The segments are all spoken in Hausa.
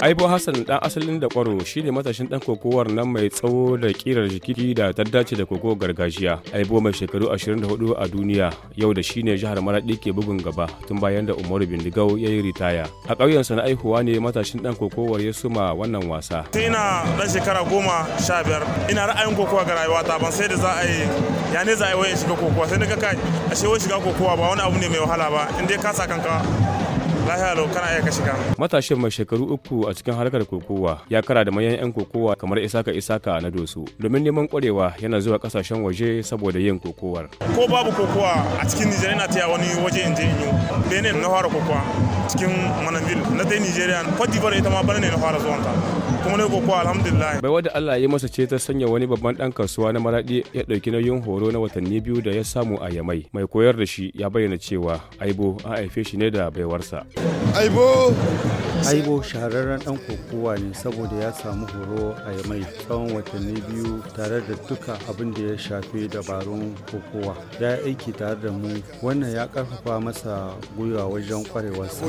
Aibo Hassan dan asalin da kwaro ne matashin dan kokowar nan mai tsawo da kirar jiki da ta dace da kokowar gargajiya. Aibo mai shekaru 24 a duniya yau da shine jihar Maradi ke bugun gaba tun bayan da Umaru Bindigau ya yi ritaya. A ƙauyensa na aihuwa ne matashin dan kokowar ya suma wannan wasa. Sai ina dan shekara goma sha biyar ina ra'ayin kokowa ga rayuwa ta ban sai da za a yi ya ne za a yi wai shiga kokowa sai na ga kai ashe wai shiga kokowa ba wani abu ne mai wahala ba in dai ka sa kanka lahiya kana iya kashi ka matashin mai shekaru uku a cikin harkar kokowa ya kara da mayan yan kokowa kamar isaka isaka na dosu domin neman kwarewa yana zuwa kasashen waje saboda yin kokowar ko babu kokowa a cikin nijar na taya wani waje in je in yi benin na fara kokowa cikin mananville na dai nigeria cote ita ma bana ne na fara zuwanta kuma ne kokowa alhamdulillah bai wanda Allah ya masa ce ta sanya wani babban dan kasuwa na maradi ya dauki nauyin horo na watanni biyu da ya samu a Yamai mai koyar da shi ya bayyana cewa Aibo an haife shi ne da baiwarsa Aibo aibo shahararren ɗan kokowa ne saboda ya samu horo a mai tsawon watanni biyu tare da duka abin da ya shafi dabarun kokowa ya yi aiki tare da mu wannan ya karfafa masa gwiwa wajen kwarewarsa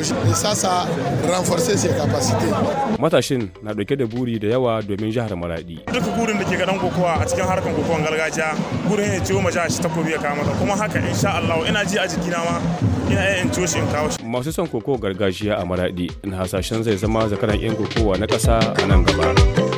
matashin na dauke da buri da yawa domin jihar maradi duka gurin da ke ga ɗan kokowa a cikin harkar kokowan gargajiya gurin ya ciwo ma jihar shi takobi ya kama kuma haka insha Allah ina ji a jikina ma 'ya'yan tushen kawo masu son koko gargajiya a maraɗi na hasashen zai zama zakaran 'yan kokowa na ƙasa a nan gaba